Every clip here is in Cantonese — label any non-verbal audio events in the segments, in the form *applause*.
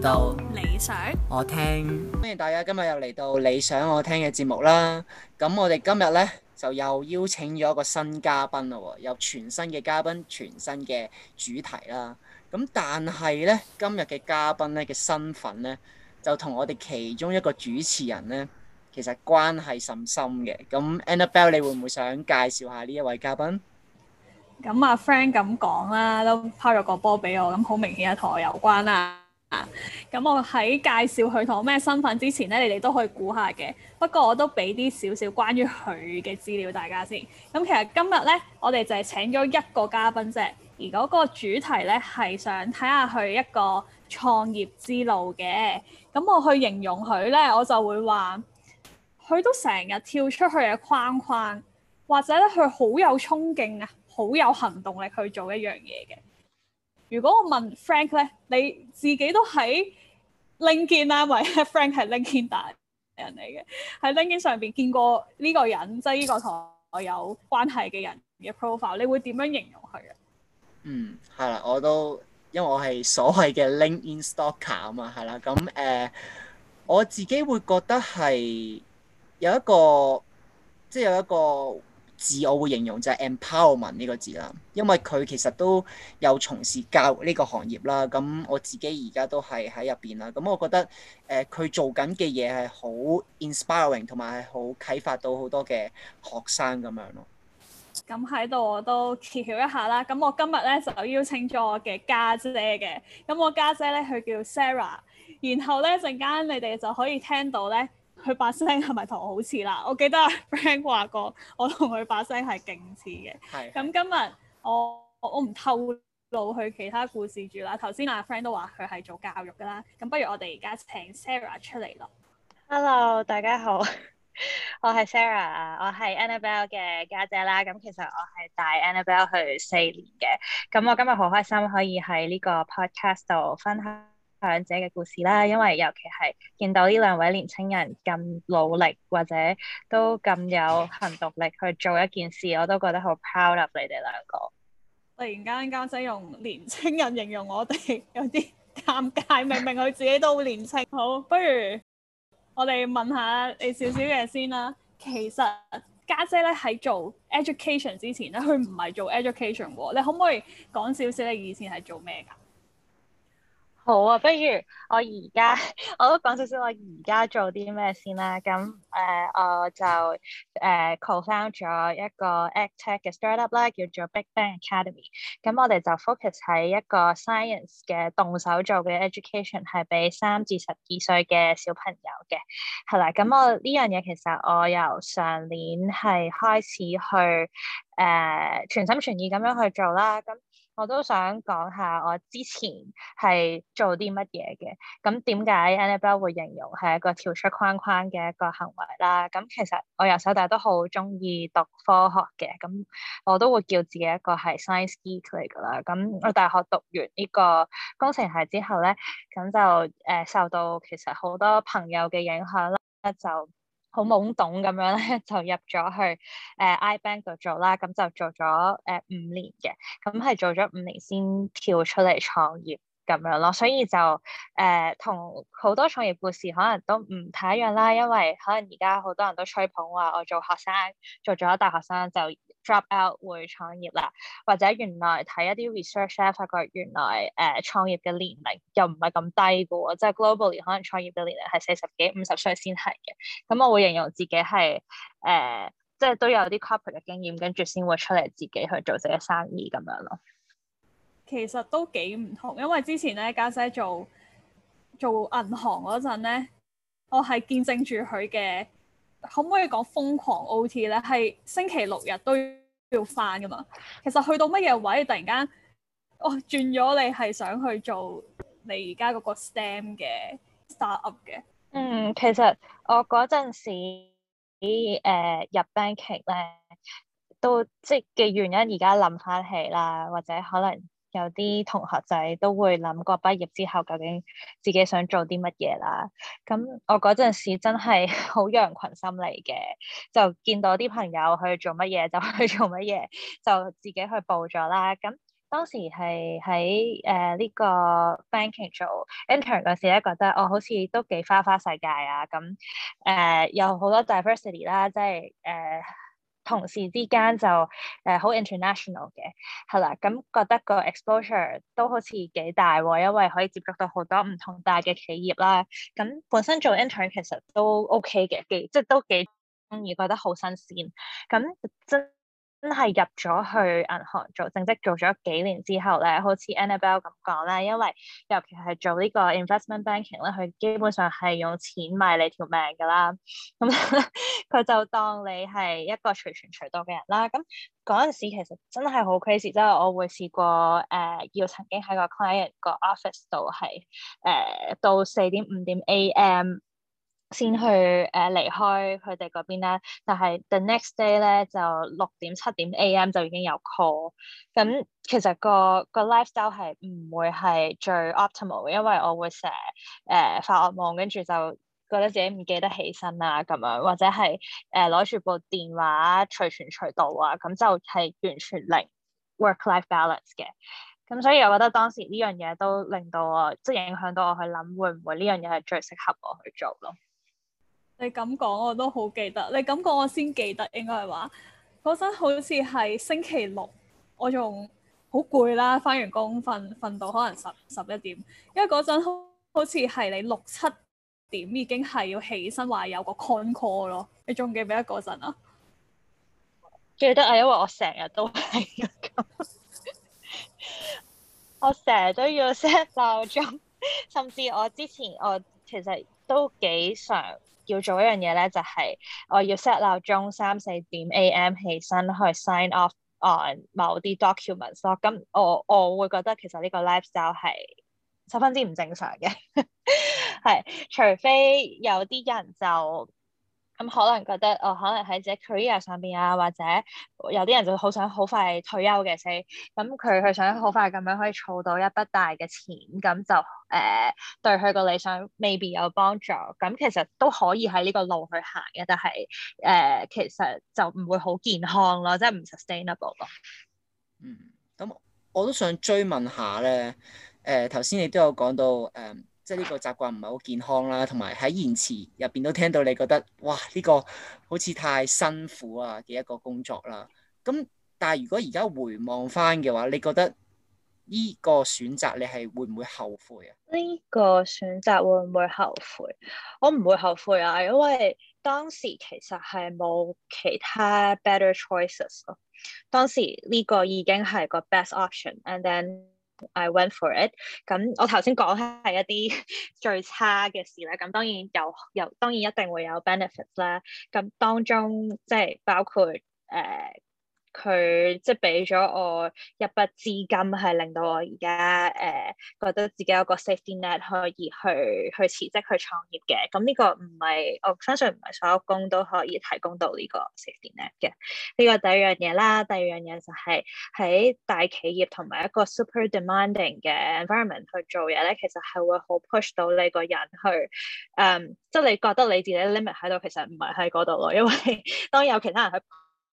到理想我聽，歡迎大家今日又嚟到理想我聽嘅節目啦。咁我哋今日咧就又邀請咗一個新嘉賓啦，有全新嘅嘉賓，全新嘅主題啦。咁但係咧今日嘅嘉賓咧嘅身份咧就同我哋其中一個主持人咧其實關係甚深嘅。咁 Annabel 你會唔會想介紹下呢一位嘉賓？咁阿 Frank 咁講啦，都拋咗個波俾我，咁好明顯啊，同我有關啦、啊。啊，咁我喺介紹佢同我咩身份之前咧，你哋都可以估下嘅。不過我都俾啲少少關於佢嘅資料大家先。咁其實今日咧，我哋就係請咗一個嘉賓啫。而嗰個主題咧，係想睇下佢一個創業之路嘅。咁我去形容佢咧，我就會話，佢都成日跳出去嘅框框，或者咧佢好有衝勁啊，好有行動力去做一樣嘢嘅。如果我問 Frank 咧，你自己都喺 LinkedIn 啊，或者 Frank 係 LinkedIn 人嚟嘅，喺 LinkedIn 上邊見過呢個人，即係呢個同我有關係嘅人嘅 profile，你會點樣形容佢啊？嗯，係啦，我都因為我係所謂嘅 LinkedIn s t o c k e r 啊嘛，係啦，咁誒、呃，我自己會覺得係有一個，即、就、係、是、有一個。字我會形容就係 empowerment 呢個字啦，因為佢其實都有從事教育呢個行業啦。咁我自己而家都係喺入邊啦。咁我覺得誒佢、呃、做緊嘅嘢係好 inspiring，同埋係好啟發到好多嘅學生咁樣咯。咁喺度我都揭曉一下啦。咁我今日咧就邀請咗我嘅家姐嘅。咁我家姐咧佢叫 Sarah。然後咧陣間你哋就可以聽到咧。佢把聲係咪同我好似啦？我記得阿 friend 話過，我同佢把聲係勁似嘅。係。咁今日我我唔透露佢其他故事住啦。頭先阿 friend 都話佢係做教育㗎啦。咁不如我哋而家請 Sarah 出嚟咯。Hello，大家好，我係 Sarah，我係 Annabelle 嘅家姐啦。咁其實我係帶 Annabelle 去四年嘅。咁我今日好開心可以喺呢個 podcast 度分享。講者嘅故事啦，因為尤其係見到呢兩位年青人咁努力，或者都咁有行動力去做一件事，我都覺得好 proud of。你哋兩個突然間家姐用年青人形容我哋，有啲尷尬。明明佢自己都好年青，好，不如我哋問下你少少嘢先啦。其實家姐咧喺做 education 之前咧，佢唔係做 education。你可唔可以講少少你以前係做咩噶？好啊，不如我而家我都講少少我而家做啲咩先啦。咁誒、呃，我就誒、呃、co-found 咗一個 act tech 嘅 startup 啦，叫做 Big Bang Academy。咁我哋就 focus 喺一個 science 嘅動手做嘅 education，係俾三至十二歲嘅小朋友嘅。係啦，咁我呢樣嘢其實我由上年係開始去誒、呃、全心全意咁樣去做啦。咁我都想講下我之前係做啲乜嘢嘅，咁點解 Annabel 會形容係一個跳出框框嘅一個行為啦？咁其實我由細到大都好中意讀科學嘅，咁我都會叫自己一個係 science geek 嚟噶啦。咁我大學讀完呢個工程系之後咧，咁就誒受到其實好多朋友嘅影響啦，就。好懵懂咁樣咧，就入咗去誒、呃、iBank 度做啦，咁就做咗誒、呃、五年嘅，咁係做咗五年先跳出嚟創業咁樣咯，所以就誒同好多創業故事可能都唔太一樣啦，因為可能而家好多人都吹捧話我，我做學生，做咗大學生就。drop out 會創業啦，或者原來睇一啲 research 咧、啊，發覺原來誒、呃、創業嘅年齡又唔係咁低嘅喎，即、就、係、是、globally 可能創業嘅年齡係四十幾、五十歲先係嘅。咁、嗯、我會形容自己係誒、呃，即係都有啲 corporate 嘅經驗，跟住先會出嚟自己去做自己生意咁樣咯。其實都幾唔同，因為之前咧，家姐做做銀行嗰陣咧，我係見證住佢嘅。可唔可以講瘋狂 OT 咧？係星期六日都要翻噶嘛？其實去到乜嘢位，突然間哦轉咗，你係想去做你而家嗰個 STEM 嘅 startup 嘅。嗯，其實我嗰陣時誒、呃、入 banking 咧，都即嘅原因，而家諗翻起啦，或者可能。有啲同學仔都會諗過畢業之後究竟自己想做啲乜嘢啦。咁我嗰陣時真係好羊群心理嘅，就見到啲朋友去做乜嘢就去做乜嘢，就自己去報咗啦。咁當時係喺誒呢個 Banking 做 Entry 嗰時咧，覺得我好似都幾花花世界啊。咁誒、呃、有好多 diversity 啦，即係誒。呃同事之間就誒好 international 嘅，係、uh, 啦，咁、嗯、覺得個 exposure 都好似幾大喎，因為可以接觸到好多唔同大嘅企業啦。咁、嗯、本身做 intern 其實都 OK 嘅，幾即係都幾中意，覺得好新鮮。咁、嗯、真。真係入咗去銀行做正職做咗幾年之後咧，好似 Annabel 咁講咧，因為尤其係做呢個 investment banking 咧，佢基本上係用錢買你條命噶啦，咁、嗯、佢就當你係一個隨傳隨到嘅人啦。咁嗰陣時其實真係好 crazy，即係我會試過誒、呃，要曾經喺個 client 個 office 度係誒、呃、到四點五點 A.M. 先去誒、呃、離開佢哋嗰邊咧，但係 the next day 咧就六點七點 A.M. 就已經有 call。咁其實個個 lifestyle 係唔會係最 optimal，因為我會成日誒、呃、發惡夢，跟住就覺得自己唔記得起身啊咁樣，或者係誒攞住部電話隨傳隨到啊，咁就係完全零 work-life balance 嘅。咁所以我覺得當時呢樣嘢都令到我即係、就是、影響到我去諗會唔會呢樣嘢係最適合我去做咯。你咁講我都好記得，你咁講我先記得，應該係話嗰陣好似係星期六，我仲好攰啦，翻完工瞓，瞓到可能十十一點，因為嗰陣好似係你六七點已經係要起身，話有個 con call 咯。你仲記唔記得嗰陣啊？記得啊，因為我成日都係咁， *laughs* 我成日都要 set 鬧鐘，甚至我之前我其實都幾常。要做一樣嘢咧，就係、是、我要 set 鬧鐘三四點 A.M. 起身去 sign off on 某啲 documents 咯。咁我我會覺得其實呢個 lifestyle 係十分之唔正常嘅，係 *laughs* 除非有啲人就。咁可能覺得我、哦、可能喺自己 career 上邊啊，或者有啲人就好想好快退休嘅，所以咁佢佢想好快咁樣可以儲到一筆大嘅錢，咁就誒、呃、對佢個理想未必有幫助。咁其實都可以喺呢個路去行嘅，但係誒、呃、其實就唔會好健康咯，即係唔 sustainable 咯。嗯，咁我都想追問下咧，誒頭先你都有講到誒。呃即係呢個習慣唔係好健康啦，同埋喺言辭入邊都聽到你覺得，哇！呢個好似太辛苦啊嘅一個工作啦。咁但係如果而家回望翻嘅話，你覺得呢個選擇你係會唔會後悔啊？呢個選擇會唔會後悔？我唔會後悔啊，因為當時其實係冇其他 better choices 咯。當時呢個已經係個 best option，and then I went for it。咁我頭先講係一啲 *laughs* 最差嘅事啦，咁當然有有，當然一定會有 benefits 啦。咁當中即係包括誒。呃佢即係俾咗我一筆資金，係令到我而家誒覺得自己有個 safety net 可以去去辭職去創業嘅。咁、嗯、呢、呢個唔係，我相信唔係所有工都可以提供到呢個 safety net 嘅。呢、呢個第一樣嘢啦，第二樣嘢就係、是、喺大企業同埋一個 super demanding 嘅 environment 去做嘢咧，其實係會好 push 到你個人去，嗯，即係你覺得你自己 limit 喺度，其實唔係喺嗰度咯，因為當然有其他人去。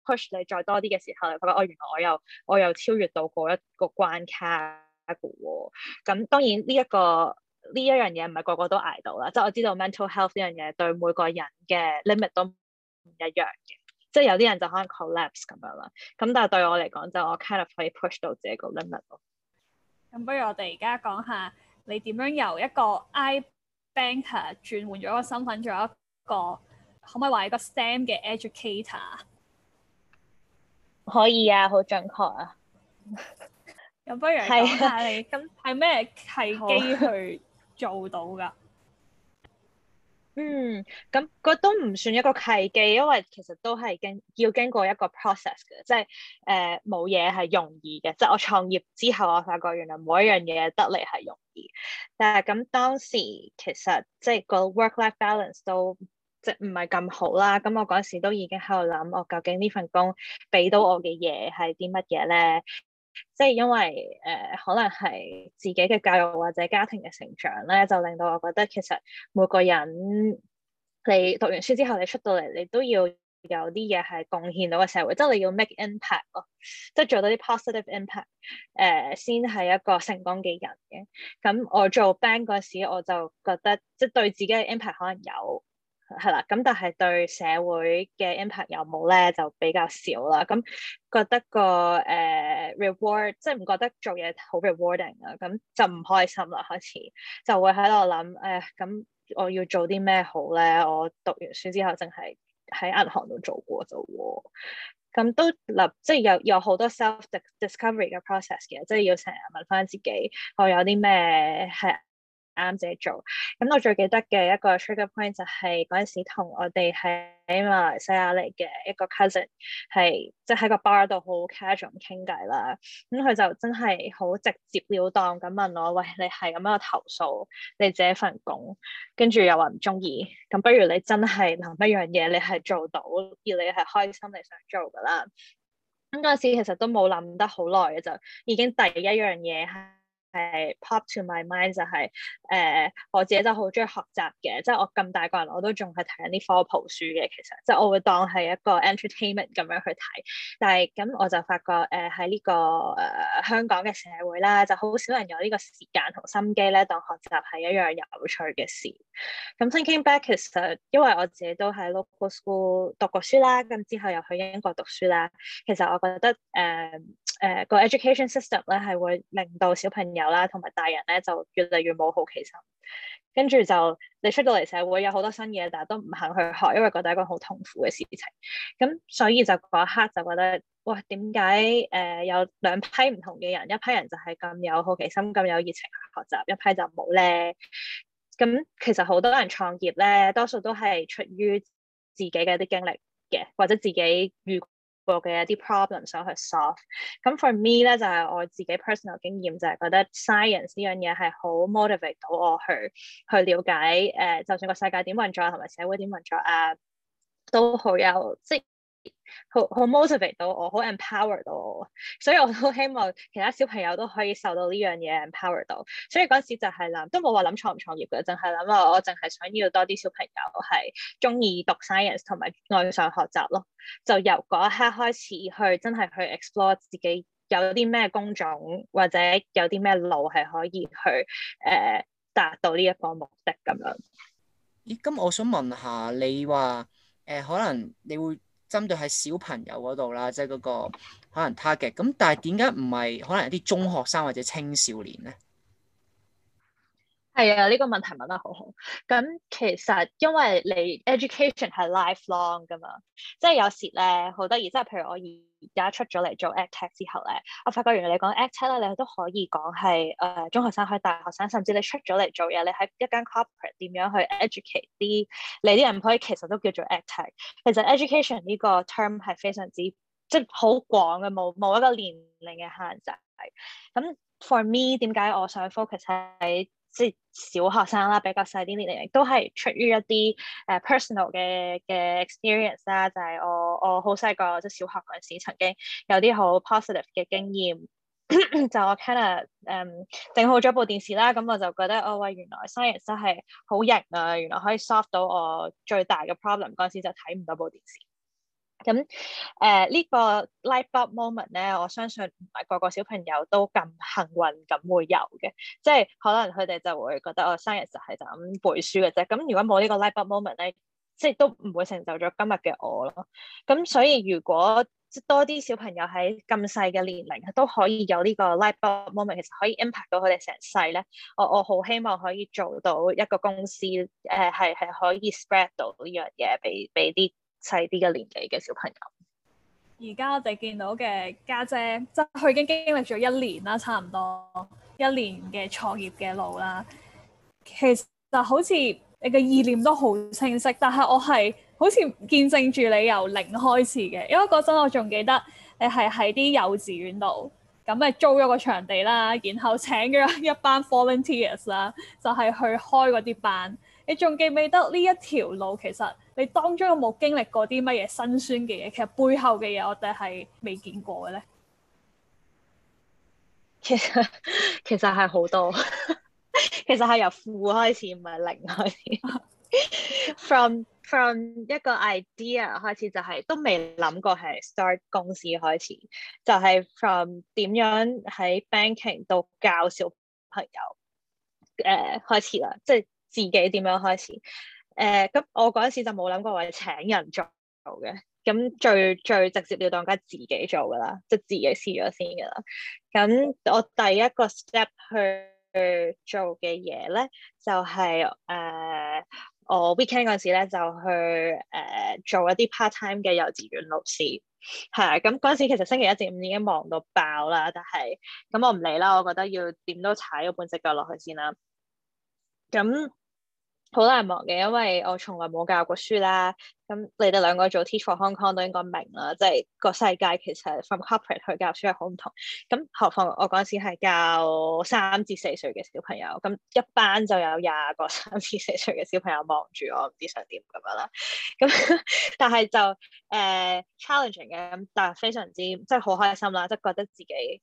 push 你再多啲嘅時候，你覺得哦，原來我又我又超越到過一個關卡嘅喎。咁當然呢、這、一個呢一樣嘢唔係個個都捱到啦。即係我知道 mental health 呢樣嘢對每個人嘅 limit 都唔一樣嘅。即係有啲人就可能 collapse 咁樣啦。咁但係對我嚟講就我 kind of 可以 push 到自己個 limit 咯。咁不如我哋而家講下你點樣由一個 I banker 轉換咗個身份，做一個可唔可以話一個 STEM 嘅 educator？可以啊，好準確啊。咁 *laughs* 不如講下你，咁係咩契機去做到噶？嗯，咁嗰都唔算一個契機，因為其實都係經要經過一個 process 嘅，即係誒冇嘢係容易嘅。即係我創業之後，我發覺原來每一樣嘢得嚟係容易，但係咁當時其實即係個 work-life balance 都，即係唔係咁好啦，咁我嗰陣時都已經喺度諗，我究竟呢份工俾到我嘅嘢係啲乜嘢咧？即係因為誒、呃、可能係自己嘅教育或者家庭嘅成長咧，就令到我覺得其實每個人你讀完書之後，你出到嚟，你都要有啲嘢係貢獻到個社會，即係你要 make impact 咯，即係做到啲 positive impact 誒、呃、先係一個成功嘅人嘅。咁我做 bank 嗰陣時，我就覺得即係對自己嘅 impact 可能有。係啦，咁但係對社會嘅 impact 有冇咧就比較少啦。咁覺得個誒、uh, reward 即係唔覺得做嘢好 rewarding 啊，咁就唔開心啦。開始就會喺度諗誒，咁、哎嗯、我要做啲咩好咧？我讀完書之後淨係喺銀行度做過啫喎。咁都立即係有有好多 self discovery 嘅 process 嘅，即、就、係、是、要成日問翻自己我有啲咩係啱自己做，咁、嗯、我最記得嘅一個 trigger point 就係嗰陣時同我哋喺馬來西亞嚟嘅一個 cousin，係即喺、就是、個 bar 度好 casual 傾偈啦。咁、嗯、佢就真係好直接了當咁問我，喂，你係咁樣投訴你自己份工，跟住又話唔中意，咁不如你真係諗一樣嘢，你係做到而你係開心，你想做噶啦。咁嗰陣時其實都冇諗得好耐嘅，就已經第一樣嘢係誒 pop to my mind 就係、是、誒、呃、我自己就好中意學習嘅，即係我咁大個人我都仲係睇緊啲科普書嘅，其實即係我會當係一個 entertainment 咁樣去睇。但係咁我就發覺誒喺呢個誒、呃、香港嘅社會啦，就好少人有呢個時間同心機咧，當學習係一樣有趣嘅事。咁 thinking back 其實因為我自己都喺 local school 讀過書啦，咁之後又去英國讀書啦，其實我覺得誒誒、呃呃那個 education system 咧係會令到小朋友。有啦，同埋大人咧就越嚟越冇好奇心，跟住就你出到嚟社會有好多新嘢，但係都唔肯去學，因為覺得係一個好痛苦嘅事情。咁所以就嗰一刻就覺得，哇，點解誒有兩批唔同嘅人，一批人就係咁有好奇心、咁有熱情學習，一批就冇咧？咁其實好多人創業咧，多數都係出於自己嘅一啲經歷嘅，或者自己遇嘅一啲 problem 想去 solve，咁 for me 咧就係我自己 personal 經驗，就係、是、覺得 science 呢樣嘢係好 motivate 到我去去了解誒，uh, 就算個世界點運作同埋社會點運作啊，uh, 都好有即。好好 motivate 到我，好 empower 到我，所以我都希望其他小朋友都可以受到呢樣嘢 empower 到。所以嗰時就係諗，都冇話諗創唔創業嘅，淨係諗話我淨係想要多啲小朋友係中意讀 science 同埋愛上學習咯。就由嗰一刻開始去真係去 explore 自己有啲咩工種或者有啲咩路係可以去誒達、呃、到呢一個目的咁樣。咦？咁我想問下你話誒、呃，可能你會，針對係小朋友嗰度啦，即係嗰個可能 target。咁但係點解唔係？可能有啲中學生或者青少年咧？係啊，呢個問題問得好好。咁其實因為你 education 係 lifelong 噶嘛 life，即係有時咧好得意，即係譬如我而家出咗嚟做 ed tech 之後咧，我發覺原來你講 ed tech 咧，你都可以講係誒中學生，去大學生，甚至你出咗嚟做嘢，你喺一間 corporate 點樣去 educate 啲你啲 employee，其實都叫做 ed tech。其實 education 呢個 term 係非常之即係好廣嘅，冇冇一個年齡嘅限制。咁 for me，點解我想 focus 喺？即係小學生啦，比較細啲年齡，都係出於一啲誒、uh, personal 嘅嘅 experience 啦。就係、是、我我好細個，即、就、係、是、小學嗰陣時，曾經有啲好 positive 嘅經驗。 *coughs* 就我 kinda 誒、um, 整好咗部電視啦，咁我就覺得哦喂，原來 science 真係好型啊！原來可以 solve 到我最大嘅 problem 的。嗰陣時就睇唔到部電視。咁誒呢個 light bulb moment 咧，我相信唔係個個小朋友都咁幸運咁會有嘅，即係可能佢哋就會覺得我、哦、生日時候係就咁背書嘅啫。咁如果冇呢個 light bulb moment 咧，即係都唔會成就咗今日嘅我咯。咁所以如果多啲小朋友喺咁細嘅年齡都可以有呢個 light bulb moment，其實可以 impact 到佢哋成世咧。我我好希望可以做到一個公司誒，係係可以 spread 到呢樣嘢俾俾啲。細啲嘅年紀嘅小朋友，而家我哋見到嘅家姐，即係佢已經經歷咗一年啦，差唔多一年嘅創業嘅路啦。其實好似你嘅意念都好清晰，但係我係好似見證住你由零開始嘅，因為嗰陣我仲記得你係喺啲幼稚園度，咁咪租咗個場地啦，然後請咗一班 volunteers 啦，就係去開嗰啲班。你仲記唔記得呢一條路其實你當中有冇經歷過啲乜嘢辛酸嘅嘢？其實背後嘅嘢我哋係未見過嘅咧。其實其實係好多，其實係由負開始，唔係零開始。 *laughs* From from 一個 idea 開始就係、是、都未諗過係 start 公司開始，就係、是、from 點樣喺 banking 度教小朋友誒開始啦，即、就、係、是。自己點樣開始？誒，咁我嗰陣時就冇諗過話請人做嘅，咁最最直接了當梗係自己做噶啦，即係自己試咗先噶啦。咁我第一個 step 去做嘅嘢咧，就係誒我 weekend 嗰陣時咧，就去誒做一啲 part time 嘅幼稚園老師，係，咁嗰陣時其實星期一至五已經忙到爆啦，但係咁我唔理啦，我覺得要點都踩咗半隻腳落去先啦。咁好難忘嘅，因為我從來冇教過書啦。咁你哋兩個做 Teach for Hong Kong 都應該明啦，即、就、係、是、個世界其實 from corporate 去教書係好唔同。咁何況我嗰陣時係教三至四歲嘅小朋友，咁一班就有廿個三至四歲嘅小朋友望住我，唔知想點咁樣啦。咁 *laughs* 但係就誒、uh, challenging 嘅，但係非常之即係好開心啦，即、就、係、是、覺得自己誒、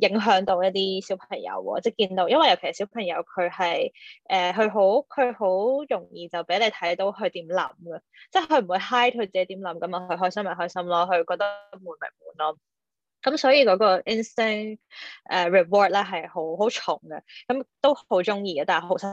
uh, 影響到一啲小朋友喎，即、就、係、是、見到，因為尤其小朋友佢係誒佢好佢好容易就俾你睇到佢點諗嘅。即係。佢唔會 hide 佢自己點諗，咁啊佢開心咪開心咯，佢覺得悶咪悶咯。咁所以嗰個 instinct 誒 reward 咧係好好重嘅，咁都好中意嘅，但係好辛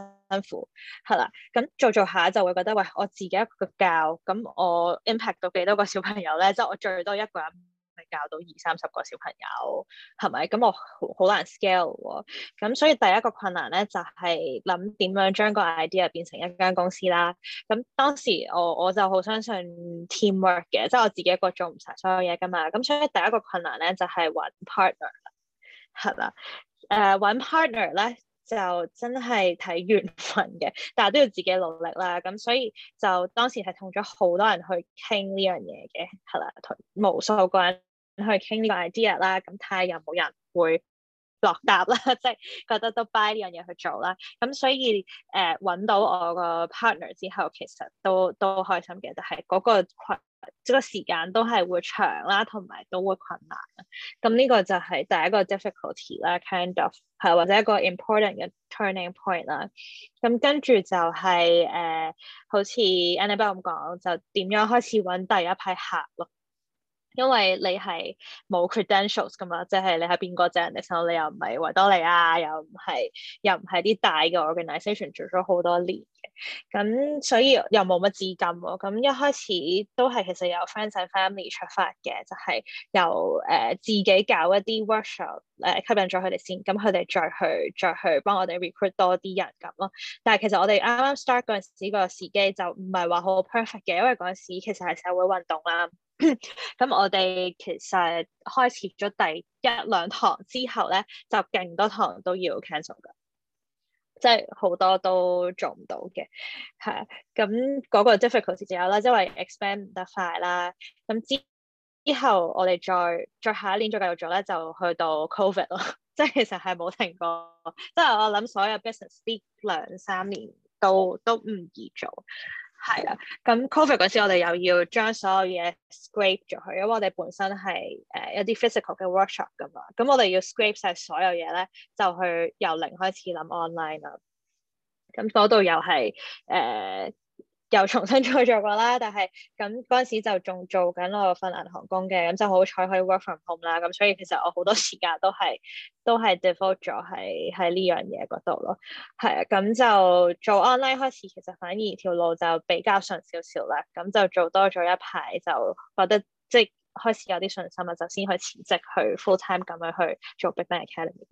苦。係啦，咁做一做一下就會覺得喂，我自己一個教，咁我 impact 到幾多個小朋友咧？即係我最多一個人。教到二三十個小朋友係咪？咁我好難 scale 喎，哦。咁所以第一個困難咧就係諗點樣將個 idea 變成一間公司啦。咁當時我我就好相信 teamwork 嘅，即、就、係、是、我自己一個做唔晒所有嘢噶嘛。咁所以第一個困難咧就係、是、揾 partner 啦，係、uh, 啦。誒揾 partner 咧就真係睇緣分嘅，但係都要自己努力啦。咁所以就當時係同咗好多人去傾呢樣嘢嘅，係啦，同無數個人。去傾呢個 idea 啦，咁睇下有冇人會落答啦，即 *laughs* 係覺得都 buy 呢樣嘢去做啦。咁所以誒揾、呃、到我個 partner 之後，其實都都開心嘅，就係、是、嗰、那個群，即、那、係、個、時間都係會長啦，同埋都會困難。咁呢個就係第一個 difficulty 啦，kind of 係或者一個 important 嘅 turning point 啦。咁跟住就係、是、誒、呃，好似 Annabel 咁講，就點樣開始揾第一批客咯。因為你係冇 credentials 㗎嘛，即、就、係、是、你係邊個啫？然後你又唔係維多利亞，又唔係又唔係啲大嘅 organisation 做咗好多年嘅，咁所以又冇乜資金喎、哦。咁一開始都係其實由 friends、family 出發嘅，就係、是、由誒、呃、自己搞一啲 workshop 誒，吸引咗佢哋先，咁佢哋再去再去幫我哋 recruit 多啲人咁咯。但係其實我哋啱啱 start 嗰陣時、那個時機就唔係話好 perfect 嘅，因為嗰陣時其實係社會運動啦。咁 *coughs* 我哋其實開始咗第一兩堂之後咧，就勁多堂都要 cancel 噶，即係好多都做唔到嘅。係，咁嗰個 difficult 就有啦，因為 expand 唔得快啦。咁之後我哋再再下一年再繼續做咧，就去到 COVID 咯，即係其實係冇停過。即係我諗所有 business 呢兩三年都都唔易做。係啦，咁 Covid 嗰時我哋又要將所有嘢 scrape 咗佢，因為我哋本身係誒、呃、一啲 physical 嘅 workshop 㗎嘛，咁我哋要 scrape 晒所有嘢咧，就去由零開始諗 online 啦，咁嗰度又係誒。呃又重新再做過啦，但係咁嗰陣時就仲做緊我份銀行工嘅，咁就好彩可以 work from home 啦，咁所以其實我好多時間都係都係 devote 咗，係喺呢樣嘢嗰度咯，係啊，咁就做 online 開始，其實反而條路就比較順少少啦，咁就做多咗一排就覺得即係開始有啲信心啊，就先可以辭職去 full time 咁樣去做 Big Bang Academy。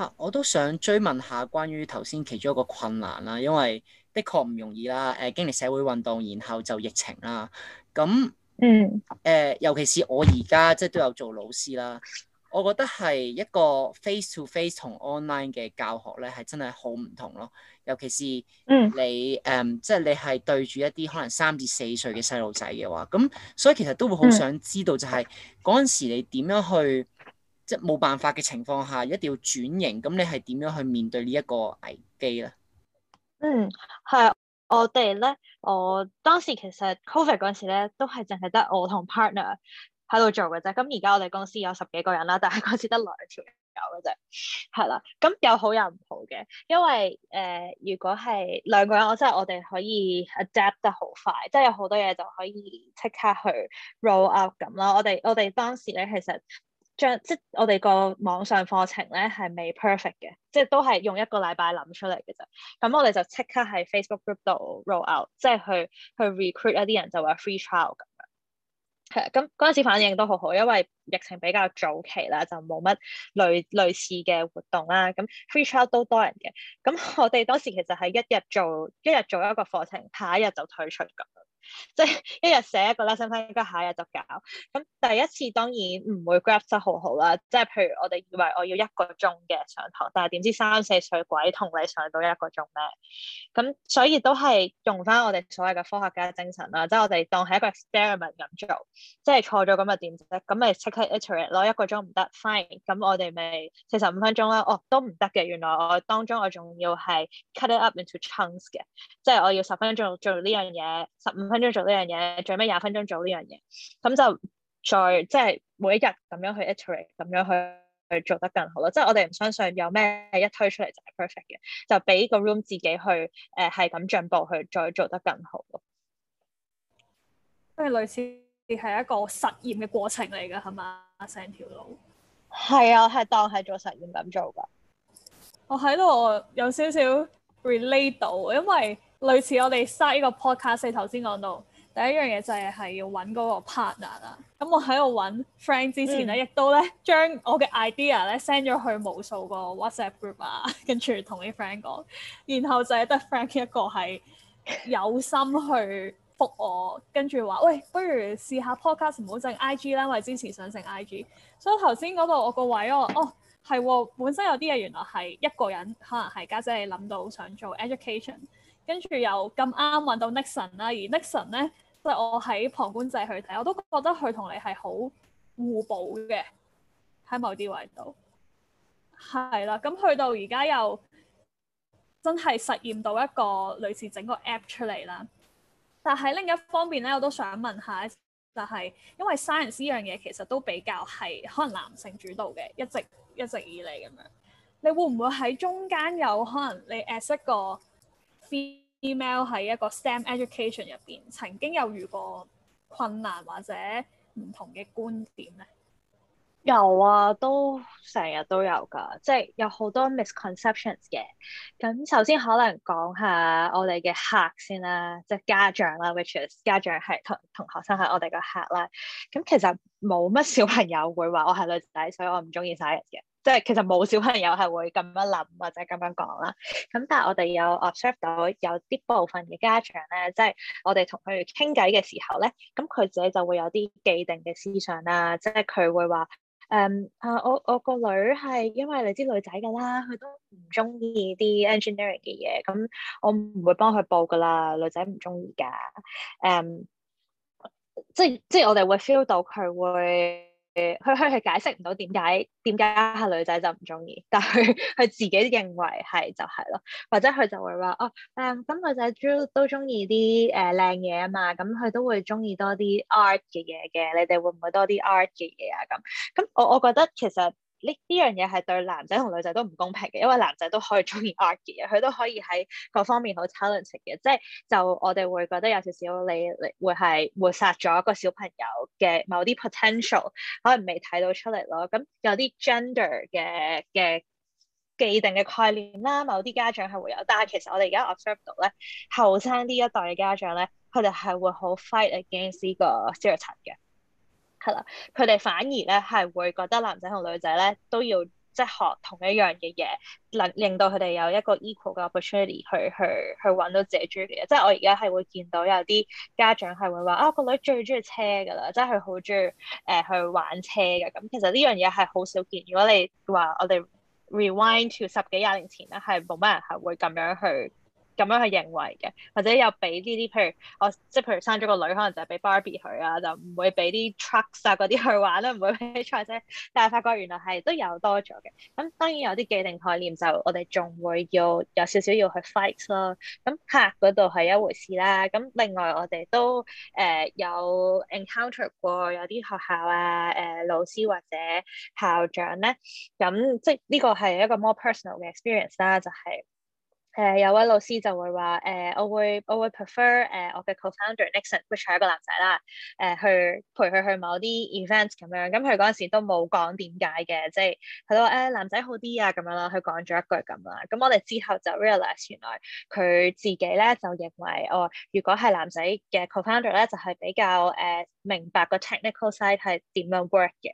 啊、我都想追問下關於頭先其中一個困難啦，因為的確唔容易啦。誒、呃，經歷社會運動，然後就疫情啦。咁，嗯，誒、呃，尤其是我而家即係都有做老師啦。我覺得係一個 face to face 同 online 嘅教學咧，係真係好唔同咯。尤其是你誒、嗯呃，即係你係對住一啲可能三至四歲嘅細路仔嘅話，咁所以其實都會好想知道就係嗰陣時你點樣去，即冇辦法嘅情況下，一定要轉型。咁你係點樣去面對呢一個危機咧？嗯，係我哋咧，我，呢我當時其實 COVID 嗰時咧，都係淨係得我同 partner 喺度做嘅啫。咁而家我哋公司有十幾個人啦，但係嗰時得兩條友嘅啫。係啦，咁、嗯、有好有唔好嘅，因為誒、呃，如果係兩個人，我真係我哋可以 adapt 得好快，即、就、係、是、有好多嘢就可以即刻去 roll up 咁啦。我哋我哋當時咧，其實～將即我哋個網上課程咧係未 perfect 嘅，即都係用一個禮拜諗出嚟嘅啫。咁我哋就即刻喺 Facebook group 度 roll out，即係去去 recruit 一啲人就話 free trial 咁樣。係咁，嗰陣時反應都好好，因為疫情比較早期啦，就冇乜類類似嘅活動啦。咁 free trial 都多人嘅。咁我哋當時其實係一日做一日做一個課程，下一日就退出咁樣。即係一日寫一個啦，應該下日就搞。咁第一次當然唔會 grab 得好好啦，即係譬如我哋以為我要一個鐘嘅上堂，但係點知三四歲鬼同你上到一個鐘咩？咁所以都係用翻我哋所謂嘅科學家精神啦，即係我哋當係一個 experiment 咁做，即係錯咗咁咪點啫？咁咪即刻 iterate 咯，一個鐘唔得，fine，咁我哋咪四十五分鐘啦。哦，都唔得嘅，原來我當中我仲要係 cut it up into chunks 嘅，即係我要十分鐘做呢樣嘢，十五分。做呢樣嘢，最尾廿分鐘做呢樣嘢，咁就再即係每一日咁樣去 iterate，咁樣去去做得更好咯。即係我哋唔相信有咩一推出嚟就係 perfect 嘅，就俾個 room 自己去誒係咁進步去再做得更好咯。即係類似係一個實驗嘅過程嚟噶，係嘛成條路？係啊，我係當係做實驗咁做噶。我喺度有少少 relate 到，因為。類似我哋晒呢個 podcast，你頭先講到第一樣嘢就係係要揾嗰個 partner 啊。咁我喺度揾 friend 之前咧，亦、嗯、都咧將我嘅 idea 咧 send 咗去無數個 WhatsApp group 啊， *laughs* 跟住同啲 friend 講。然後就係得 Frank 一個係有心去覆我， *laughs* 跟住話喂，不如試下 podcast 唔好整 IG 啦，我之前想整 IG。所以頭先嗰度我、那個我位我，哦係，本身有啲嘢原來係一個人可能係家姐你諗到想做 education。跟住又咁啱揾到 Nixon 啦，而 Nixon 咧，即係我喺旁觀仔去睇，我都覺得佢同你係好互補嘅，喺某啲位度。係啦，咁去到而家又真係實驗到一個類似整個 app 出嚟啦。但係另一方面咧，我都想問下，就係因為 science 呢樣嘢其實都比較係可能男性主導嘅，一直一直以嚟咁樣，你會唔會喺中間有可能你 as 一個。email 喺一個 STEM education 入邊，曾經有遇過困難或者唔同嘅觀點咧？有啊，都成日都有噶，即係有好多 misconceptions 嘅。咁首先可能講下我哋嘅客先啦，即係家長啦，which is 家長係同同學生係我哋個客啦。咁其實冇乜小朋友會話我係女仔，所以我唔中意 science 人嘅。即係其實冇小朋友係會咁樣諗或者咁樣講啦。咁但係我哋有 observe 到有啲部分嘅家長咧，即係我哋同佢傾偈嘅時候咧，咁佢自己就會有啲既定嘅思想啦。即係佢會話誒啊，就是 um, uh, 我我個女係因為你知女仔㗎啦，佢都唔中意啲 engineering 嘅嘢，咁我唔會幫佢報㗎啦。女仔唔中意㗎。誒，um，即係即係我哋會 feel 到佢會。誒，佢佢佢解釋唔到點解點解係女仔就唔中意，但係佢自己認為係就係、是、咯，或者佢就會話哦，咁、嗯、女仔都都中意啲誒靚嘢啊嘛，咁佢都會中意多啲 art 嘅嘢嘅，你哋會唔會多啲 art 嘅嘢啊？咁咁我我覺得其實。呢呢樣嘢係對男仔同女仔都唔公平嘅，因為男仔都可以中意 art 嘅，佢都可以喺各方面好 talent 嘅，即係就我哋會覺得有少少你你會係抹殺咗一個小朋友嘅某啲 potential，可能未睇到出嚟咯。咁有啲 gender 嘅嘅既定嘅概念啦，某啲家長係會有，但係其實我哋而家 observe 到咧，後生呢一代嘅家長咧，佢哋係會好 fight against 呢個 stereotype 嘅。係啦，佢哋反而咧係會覺得男仔同女仔咧，都要即係學同一樣嘅嘢，令令到佢哋有一個 equal 嘅 opportunity 去去去揾到自己中意嘅嘢。即係我而家係會見到有啲家長係會話啊個女最中意車㗎啦，即係佢好中意誒去玩車嘅。咁其實呢樣嘢係好少見。如果你話我哋 rewind to 十幾廿年前咧，係冇乜人係會咁樣去。咁樣去認為嘅，或者有俾呢啲，譬如我即係譬如生咗個女，可能就係俾 Barbie 佢啊，就唔會俾啲 trucks 啊嗰啲去玩啦，唔會俾賽車但係發覺原來係都有多咗嘅。咁當然有啲既定概念，就我哋仲會要有，有少少要去 fight 咯。咁客嗰度係一回事啦。咁另外我哋都誒、呃、有 encounter 過有啲學校啊，誒、呃、老師或者校長咧。咁即係呢個係一個 more personal 嘅 experience 啦，就係、是。誒、呃、有位老師就會話誒、呃，我會我會 prefer 誒、呃、我嘅 co-founder Nixon，which 係一個男仔啦，誒、呃、去陪佢去某啲 events 咁樣，咁佢嗰陣時都冇講、就是呃、點解、啊、嘅，即係佢話誒男仔好啲啊咁樣啦，佢講咗一句咁啦，咁我哋之後就 realise 原來佢自己咧就認為我、哦、如果係男仔嘅 co-founder 咧就係、是、比較誒、呃、明白個 technical side 係點樣 work 嘅。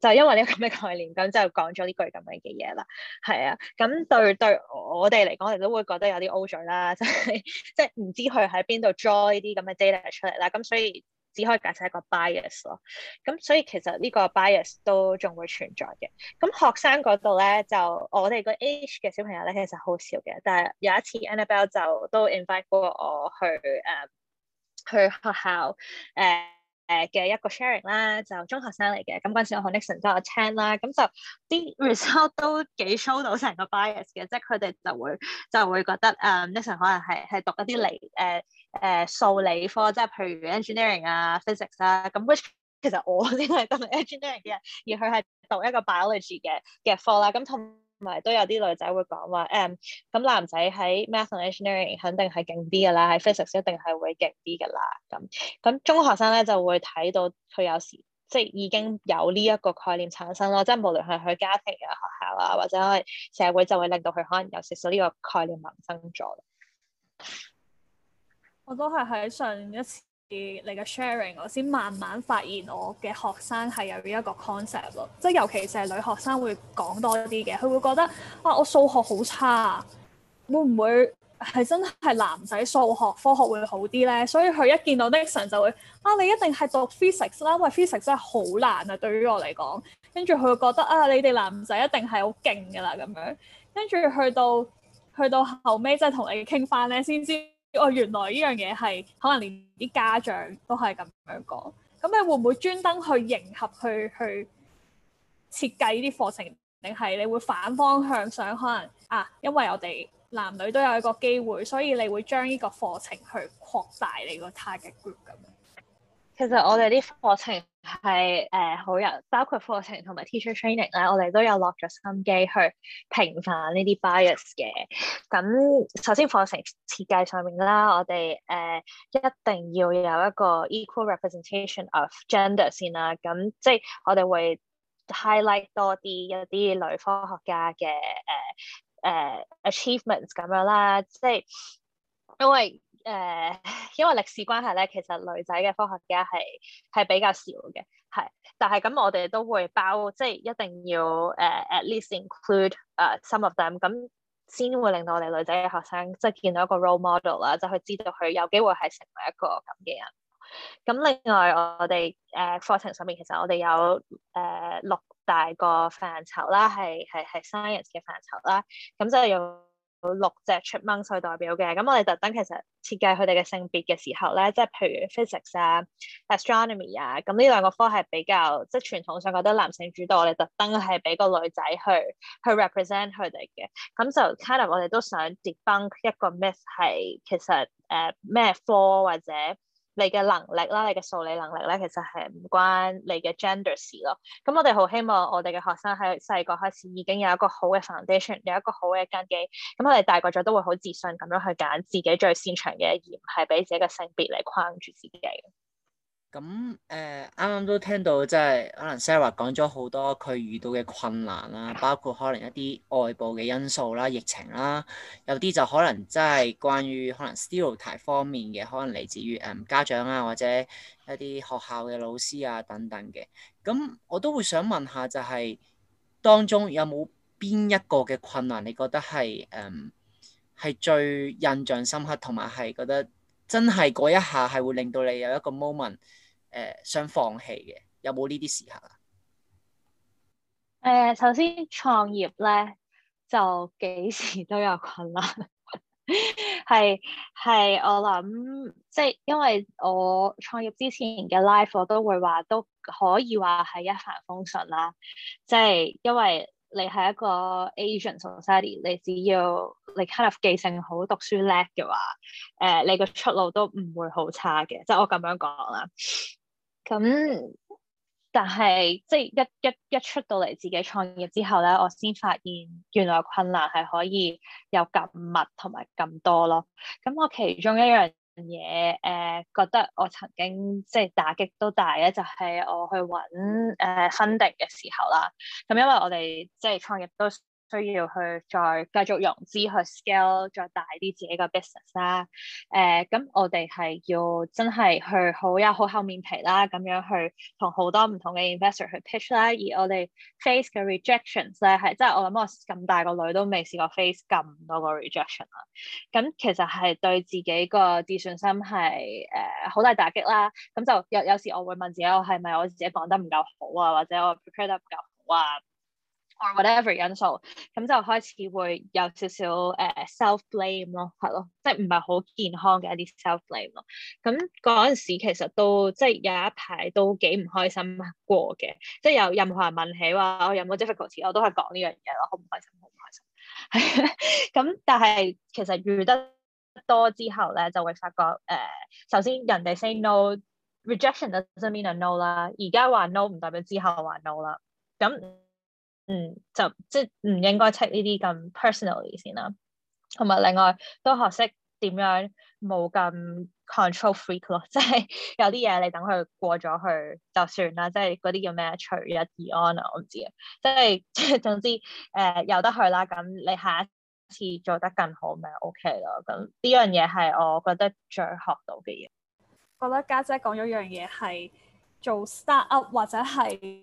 誒就因為呢個咁嘅概念，咁就講咗呢句咁樣嘅嘢啦，係啊，咁對對我哋嚟講，我哋都會覺得有啲 O 嘴啦，即係即係唔知佢喺邊度 join 呢啲咁嘅 data 出嚟啦，咁所以只可以解釋一個 bias 咯，咁所以其實呢個 bias 都仲會存在嘅。咁學生嗰度咧，就我哋個 age 嘅小朋友咧，其實好少嘅，但係有一次 Annabel 就都 invite 過我去誒、uh, 去學校誒。Uh, 誒嘅一個 sharing 啦，就中學生嚟嘅，咁嗰陣時我同 Nixon 都有聽啦，咁就啲 result 都幾 show 到成個 bias 嘅，即係佢哋就會就會覺得啊、um, Nixon 可能係係讀一啲嚟誒誒數理科，即係譬如 engineering 啊 physics 啊，咁 which 其實我先係讀 engineering 嘅，而佢係讀一個 biology 嘅嘅科啦，咁同。同埋都有啲女仔會講話誒，咁、欸、男仔喺 Math and Engineering 肯定係勁啲噶啦，喺 Physics 一定係會勁啲噶啦。咁咁中學生咧就會睇到佢有時即係已經有呢一個概念產生咯，即係無論係佢家庭啊、學校啊，或者係社會，就會令到佢可能有少少呢個概念萌生咗。我都係喺上一次，你嘅 sharing，我先慢慢發現我嘅學生係有一個 concept 咯，即係尤其是係女學生會講多啲嘅，佢會覺得啊，我數學好差，會唔會係真係男仔數學科學會好啲呢？所以佢一見到 Nixon 就會啊，你一定係讀 physics 啦，因為 physics 真係好難啊，對於我嚟講，跟住佢會覺得啊，你哋男仔一定係好勁噶啦咁樣，跟住去到去到後尾即係同你傾翻呢先知。哦，原來呢樣嘢係可能連啲家長都係咁樣講。咁你會唔會專登去迎合去去設計呢啲課程，定係你會反方向想？可能啊，因為我哋男女都有一個機會，所以你會將呢個課程去擴大你個 target group 咁。其實我哋啲課程。係誒、呃，好有包括課程同埋 teacher training 咧，我哋都有落咗心機去平反呢啲 bias 嘅。咁首先課程設計上面啦，我哋誒、呃、一定要有一個 equal representation of gender 先啦。咁即係我哋會 highlight 多啲一啲女科學家嘅誒誒 achievements 咁樣啦，即係因為。誒，uh, 因為歷史關係咧，其實女仔嘅科學家係係比較少嘅，係。但係咁我哋都會包，即、就、係、是、一定要誒、uh, at least include 誒、uh, some of them，咁先會令到我哋女仔嘅學生即係、就是、見到一個 role model 啦，就去知道佢有機會係成為一個咁嘅人。咁另外我哋誒、uh, 課程上面其實我哋有誒、uh, 六大個範疇啦，係係係 science 嘅範疇啦，咁就有。有六隻 chipmunks 去代表嘅，咁我哋特登其實設計佢哋嘅性別嘅時候咧，即係譬如 physics 啊、astronomy 啊，咁呢兩個科系比較即係傳統上覺得男性主導，我哋特登係俾個女仔去去 represent 佢哋嘅，咁就 kind of 我哋都想 debunk 一個 myth 係，其實誒咩科或者。你嘅能力啦，你嘅數理能力咧，其實係唔關你嘅 gender 事咯。咁我哋好希望我哋嘅學生喺細個開始已經有一個好嘅 foundation，有一個好嘅根基。咁我哋大個咗都會好自信咁樣去揀自己最擅長嘅，而唔係俾自己嘅性別嚟框住自己。咁誒，啱啱、呃、都聽到、就是，即係可能 Sarah 講咗好多佢遇到嘅困難啦，包括可能一啲外部嘅因素啦、疫情啦，有啲就可能即係關於可能 stereotype 方面嘅，可能嚟自於誒、呃、家長啊或者一啲學校嘅老師啊等等嘅。咁我都會想問下、就是，就係當中有冇邊一個嘅困難，你覺得係誒係最印象深刻，同埋係覺得真係嗰一下係會令到你有一個 moment。誒，想放棄嘅有冇呢啲時刻啊？誒，首先創業咧就幾時都有困難，係 *laughs* 係我諗即係因為我創業之前嘅 life，我都會話都可以話係一帆風順啦。即係因為你係一個 Asian society，你只要你 Kind of 記性好、讀書叻嘅話，誒、呃，你個出路都唔會好差嘅。即係我咁樣講啦。咁，但係即係一一一出到嚟自己創業之後咧，我先發現原來困難係可以有咁密同埋咁多咯。咁我其中一樣嘢，誒、呃、覺得我曾經即係打擊都大咧，就係、是、我去揾誒、呃、funding 嘅時候啦。咁因為我哋即係創業都。需要去再繼續融資去 scale 再大啲自己個 business 啦。誒，咁我哋係要真係去好有好厚面皮啦，咁樣去同好多唔同嘅 investor 去 pitch 啦。而我哋 face 嘅 rejections 咧，係真係我諗我咁大個女都未試過 face 咁多個 rejection 啦。咁其實係對自己個自信心係誒好大打擊啦。咁就有有時我會問自己，我係咪我自己講得唔夠好啊，或者我 prepare 得唔夠好啊？or whatever 因素，咁就開始會有少少誒、uh, self blame 咯，係咯，即係唔係好健康嘅一啲 self blame 咯。咁嗰陣時其實都即係有一排都幾唔開心過嘅，即係有任何人問起話有冇 difficult 我都係講呢樣嘢咯，好唔開心，好唔開心。咁、 *laughs* 嗯、但係其實遇得多之後咧，就會發覺誒、呃，首先人哋 say no，rejection doesn't mean a no 啦。而家話 no 唔、no no、代表之後話 no 啦，咁。嗯，就即係唔應該 take 呢啲咁 personally 先啦。同埋另外都學識點樣冇咁 control freak 咯，即係有啲嘢你等佢過咗去就算啦，即係嗰啲叫咩隨遇而安啊，我唔知啊。即係即係總之誒由、呃、得去啦。咁你下一次做得更好咪 ok 咯。咁呢樣嘢係我覺得最學到嘅嘢。我覺得家姐講咗樣嘢係做 startup 或者係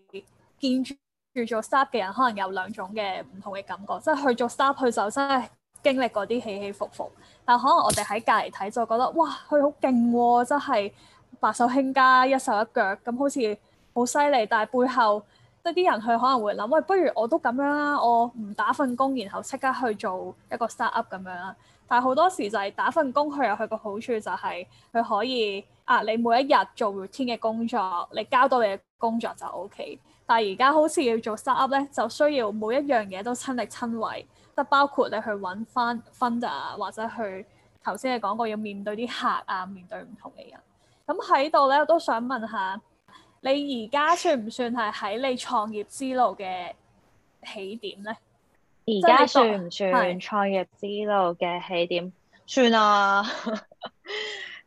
建築。做 startup 嘅人可能有兩種嘅唔同嘅感覺，即係去做 startup，佢就真係經歷過啲起起伏伏。但係可能我哋喺隔離睇就覺得，哇，佢好勁喎！真係白手興家，一手一腳，咁好似好犀利。但係背後即係啲人佢可能會諗，喂，不如我都咁樣啦，我唔打份工，然後即刻去做一個 startup 咁樣啦。但係好多時就係打份工，佢有佢個好處就係佢可以啊，你每一日做 routine 嘅工作，你交到你嘅工作就 OK。但而家好似要做 start up 咧，就需要每一樣嘢都親力親為，得包括你去揾翻 fund 啊，或者去頭先你講過要面對啲客啊，面對唔同嘅人。咁喺度咧，我都想問下你而家算唔算係喺你創業之路嘅起點咧？而家算唔算創業之路嘅起點？的算啊了，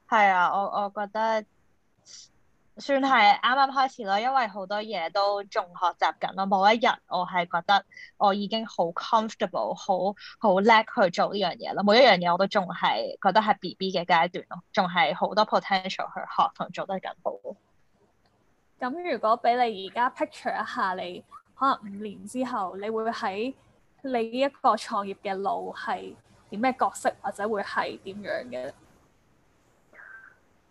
係 *laughs* 啊，我我覺得。算係啱啱開始咯，因為好多嘢都仲學習緊咯。某一日我係覺得我已經好 comfortable，好好叻去做呢樣嘢咯。每一樣嘢我都仲係覺得係 BB 嘅階段咯，仲係好多 potential 去學同做得更好。咁如果俾你而家 picture 一下你，你可能五年之後，你會喺你呢一個創業嘅路係點咩角色，或者會係點樣嘅？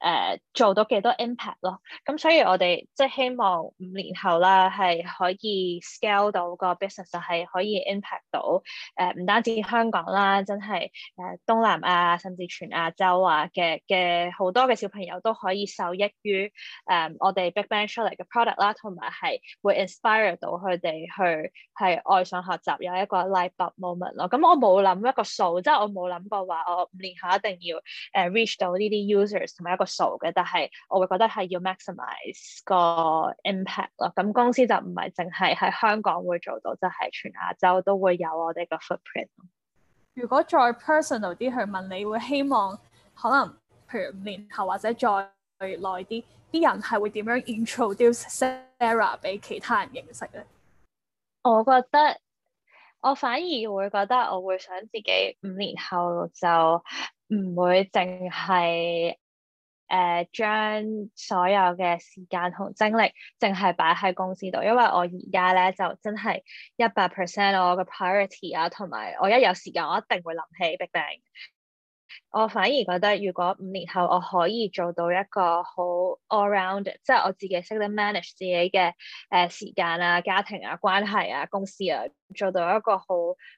誒、uh, 做到幾多 impact 咯？咁所以我哋即係希望五年後啦，係可以 scale 到個 business，就係可以 impact 到誒唔、uh, 單止香港啦，真係誒、uh, 東南亞甚至全亞洲啊嘅嘅好多嘅小朋友都可以受益於誒、um, 我哋 BigBang c h a l e y 嘅 product 啦，同埋係會 inspire 到佢哋去係愛上學習，有一個 l i v e up moment 咯。咁我冇諗一個數，即係我冇諗過話我五年後一定要誒 reach 到呢啲 users 同埋一個。嘅，但係我會覺得係要 maximize 個 impact 咯。咁公司就唔係淨係喺香港會做到，就係全亞洲都會有我哋個 footprint。如果再 personal 啲去問你，你會希望可能譬如五年後或者再耐啲啲人係會點樣 introduce Sarah 俾其他人認識咧？我覺得我反而會覺得我會想自己五年後就唔會淨係。誒、呃、將所有嘅時間同精力淨係擺喺公司度，因為我而家咧就真係一百 percent 我嘅 priority 啊，同埋我一有時間我一定會諗起 Big Bang。我反而覺得，如果五年後我可以做到一個好 all round，即係我自己識得 manage 自己嘅誒時間啊、家庭啊、關係啊、公司啊，做到一個好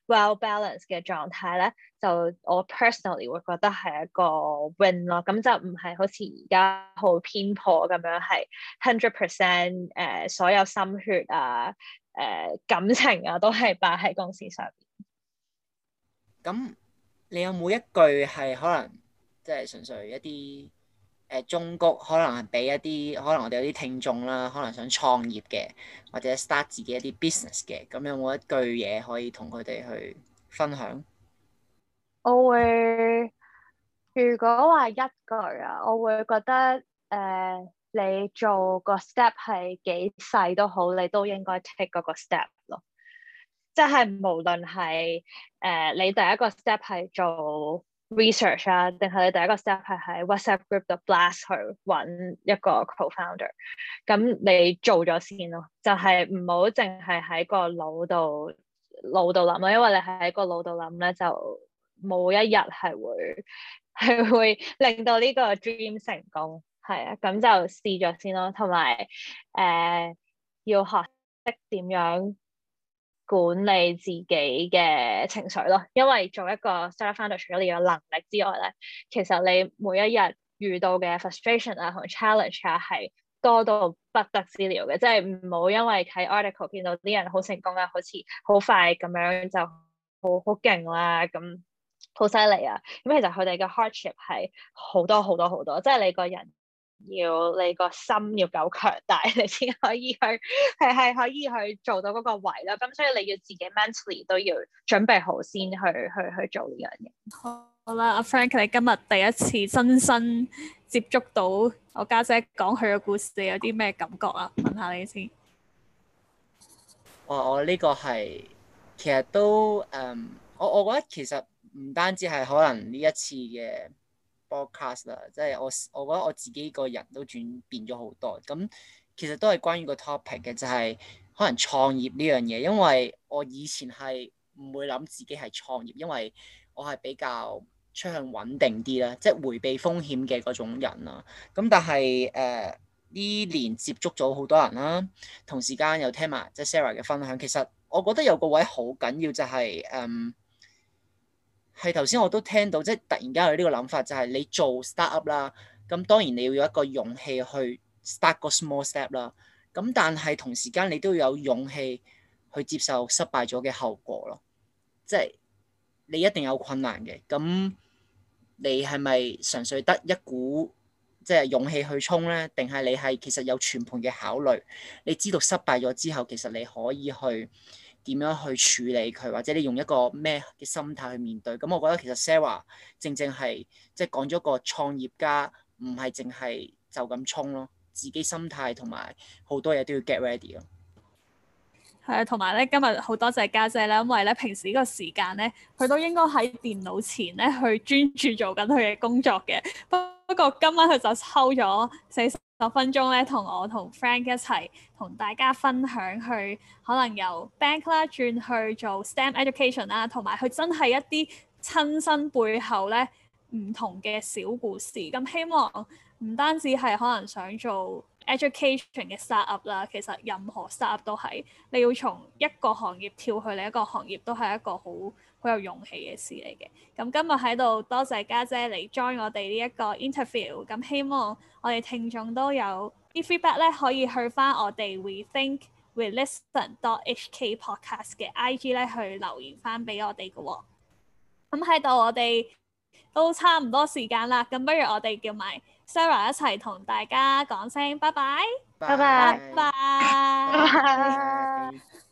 well balance 嘅狀態咧，就我 personally 會覺得係一個 win 咯。咁就唔係好似而家好偏頗咁樣，係 hundred percent 誒所有心血啊、誒感情啊都係擺喺公司上面。咁。你有冇一句係可能即係純粹一啲誒忠告，可能係俾一啲可能我哋有啲聽眾啦，可能想創業嘅或者 start 自己一啲 business 嘅，咁有冇一句嘢可以同佢哋去分享？我會，如果話一句啊，我會覺得誒、呃，你做個 step 係幾細都好，你都應該 take 嗰個 step 咯。即係無論係誒、呃、你第一個 step 係做 research 啊，定係你第一個 step 係喺 WhatsApp group 度 blast 去揾一個 co-founder，咁你做咗先咯。就係唔好淨係喺個腦度腦度諗，因為你喺個腦度諗咧，就冇一日係會係會令到呢個 dream 成功。係啊，咁就試咗先咯。同埋誒要學識點樣管理自己嘅情緒咯，因為做一個 startup founder 除咗你嘅能力之外咧，其實你每一日遇到嘅 frustration 啊同 challenge 啊係多到不得之了嘅，即係唔好因為喺 article 見到啲人好成功啊，好似好快咁樣就好好勁啦，咁好犀利啊，咁其實佢哋嘅 hardship 係好多好多好多，即係你個人。要你個心要夠強大，你先可以去，係係可以去做到嗰個位咯。咁、嗯、所以你要自己 mentally 都要準備好先去去去做呢樣嘢。好啦，阿、啊、Frank，你今日第一次親身接觸到我家姐講佢嘅故事，你有啲咩感覺啊？問下你先。哇！我呢個係其實都誒、嗯，我我覺得其實唔單止係可能呢一次嘅。broadcast 啦，即係我我覺得我自己個人都轉變咗好多。咁其實都係關於個 topic 嘅，就係可能創業呢樣嘢。因為我以前係唔會諗自己係創業，因為我係比較趨向穩定啲啦，即係回避風險嘅嗰種人啊。咁但係誒呢年接觸咗好多人啦，同時間又聽埋即係 Sarah 嘅分享，其實我覺得有個位好緊要就係誒。Um, 係頭先我都聽到，即係突然間有呢個諗法，就係、是、你做 start up 啦，咁當然你要有一個勇氣去 start 個 small step 啦。咁但係同時間你都要有勇氣去接受失敗咗嘅後果咯。即係你一定有困難嘅，咁你係咪純粹得一股即係、就是、勇氣去衝咧？定係你係其實有全盤嘅考慮？你知道失敗咗之後，其實你可以去。點樣去處理佢，或者你用一個咩嘅心態去面對？咁我覺得其實 Sarah 正正係即係講咗個創業家，唔係淨係就咁衝咯，自己心態同埋好多嘢都要 get ready 咯。係啊，同埋咧，今日好多謝家姐啦，因為咧平時呢個時間咧，佢都應該喺電腦前咧去專注做緊佢嘅工作嘅，不過今晚佢就抽咗。十分鐘咧，同我同 Frank 一齊同大家分享去，去可能由 bank 啦轉去做 STEM education 啦，同埋佢真係一啲親身背後咧唔同嘅小故事。咁希望唔單止係可能想做 education 嘅 start up 啦，其實任何 start up 都係你要從一個行業跳去另一個行業，都係一個好。好有勇氣嘅事嚟嘅，咁今日喺度多謝家姐嚟 join 我哋呢一個 interview，咁希望我哋聽眾都有啲 feedback 咧，可以去翻我哋 wethinkwelisten.hk podcast 嘅 IG 咧去留言翻俾我哋嘅喎。咁喺度我哋都差唔多時間啦，咁不如我哋叫埋 Sarah 一齊同大家講聲拜拜，拜拜拜。